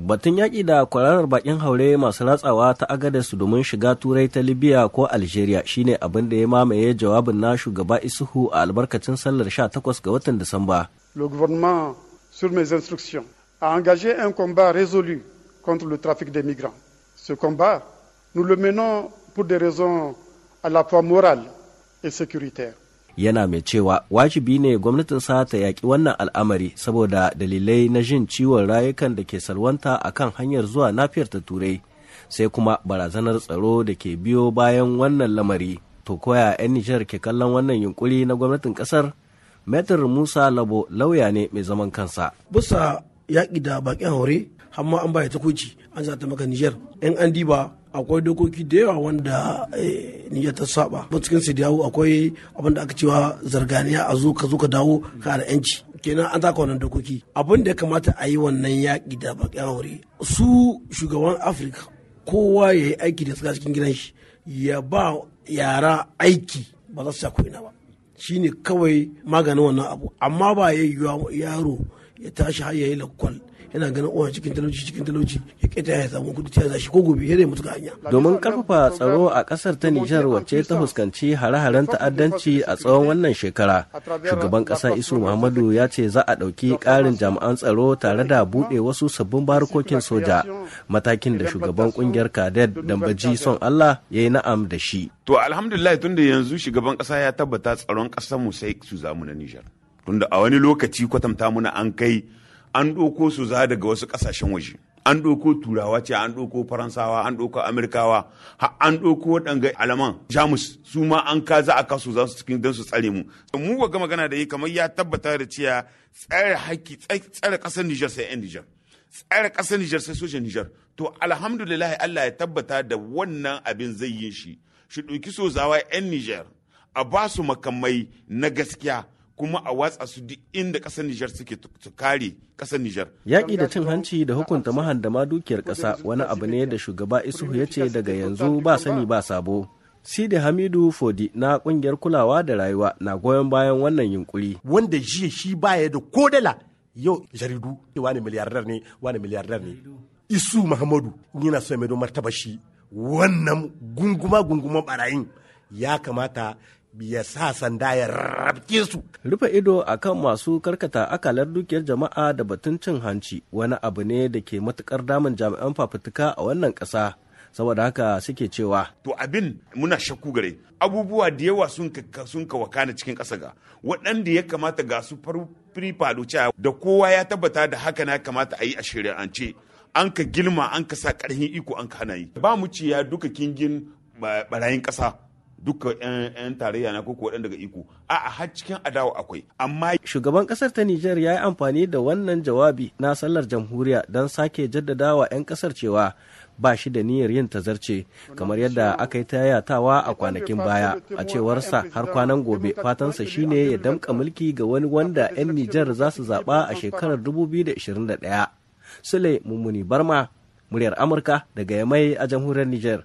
Batun yaƙi da kwararar bakin haure masu ratsawa ta agadarsu domin shiga turai ta Libya ko Algeria shine abin da ya mamaye jawabin na shugaba Isuhu a albarkacin sallar 18 ga watan Disamba. Le gouvernement, sur mes instructions, a engagé un combat résolu contre le trafic des migrants. Ce combat, nous le menons pour des raisons à la fois morales et sécuritaires. yana mai cewa wajibi ne gwamnatinsa ta yaƙi wannan al'amari saboda dalilai na jin ciwon rayukan da ke salwanta a kan hanyar zuwa nafiyar ta turai sai kuma barazanar tsaro da ke biyo bayan wannan lamari to koya 'yan nijar ke kallon wannan yunkuri na gwamnatin kasar metar musa labo lauya ne mai zaman kansa bisa yaƙi da baƙin haure amma an baya ta kuci an zata maka nijar in an diba akwai dokoki da yawa wanda eh, niyyar ta saba ba cikin su dawo akwai abin da aka cewa zarganiya a zo ka zo ka dawo ka da yanci kenan an taka wannan dokoki abin da ya kamata a yi wannan yaƙi da baƙi aure su shugaban afirka kowa ya yi aiki da suka cikin gidan shi ya ba yara aiki ba za su sa ko'ina ba shine kawai maganin wannan abu amma ba ya yi yaro ya tashi har ya yi lakwal yana ganin uwa cikin talauci cikin talauci ya keta ya samu kudi ta zashi ko gobe ya mutu hanya domin karfafa tsaro a kasar ta Nijar wacce ta fuskanci hare-haren ta'addanci a tsawon wannan shekara shugaban kasa Isu Muhammadu ya ce za a ɗauki ƙarin jami'an tsaro tare da bude wasu sabbin barkokin soja matakin da shugaban kungiyar Kadet Dambaji son Allah ya yi na'am da shi to alhamdulillah tunda yanzu shugaban kasa ya tabbata tsaron kasar mu sai su zamu na Nijar tunda a wani lokaci kwatanta muna an kai an ɗauko su za daga wasu ƙasashen waje an ɗauko turawa ce an ɗauko faransawa an ɗauko amerikawa an ɗauko waɗanga alaman jamus su ma an ka za a kasu za su cikin don su tsare mu mu ga magana da yi kamar ya tabbata da cewa tsare haƙƙi tsare ƙasar nijar sai 'yan nijar tsare ƙasar nijar sai sojan nijar to alhamdulillah allah ya tabbata da wannan abin zai yi shi shi ɗauki sozawa 'yan nijar a ba su makamai na gaskiya kuma a watsa su duk inda ƙasar Nijar suke su kare ƙasar Nijar. Yaƙi da cin hanci da hukunta mahandama dukiyar ƙasa wani abu ne da shugaba Isuhu ya ce daga yanzu ba sani ba sabo. Sidi Hamidu Fodi na ƙungiyar kulawa da rayuwa na goyon bayan wannan yunkuri. Wanda jiya shi baya da ko dala yau jaridu wani miliyardar ne wani miliyardar ne. Isu Muhammadu yana so ya maido martaba shi wannan gunguma gunguma barayin ya kamata ya sa sanda ya rabke su. Rufe ido a kan masu karkata akalar dukiyar jama'a da batun cin hanci wani abu ne da ke matukar damun jami'an fafutuka a wannan ƙasa. saboda haka suke cewa to abin muna shakku gare abubuwa da yawa sun ka sun ka wakana cikin ƙasa ga waɗanda ya kamata ga su faru cewa da kowa ya tabbata da haka na kamata a yi a shari'ance an ka gilma an ka sa ƙarfin iko an ka hana yi ba mu ciya duka kingin barayin ƙasa duka 'yan tarayya na koko waɗanda daga iko a har cikin adawa akwai amma shugaban kasar ta Nijar ya yi amfani da wannan jawabi na sallar jamhuriya don sake jaddadawa 'yan kasar cewa ba shi da niyyar yin tazarce kamar yadda aka yi tayatawa a kwanakin baya a cewarsa har kwanan gobe fatansa shine ya damka mulki ga wani wanda 'yan Nijar za su zaɓa a shekarar 2021 Sule Mummuni Barma muryar Amurka daga Yamai a jamhuriyar Nijar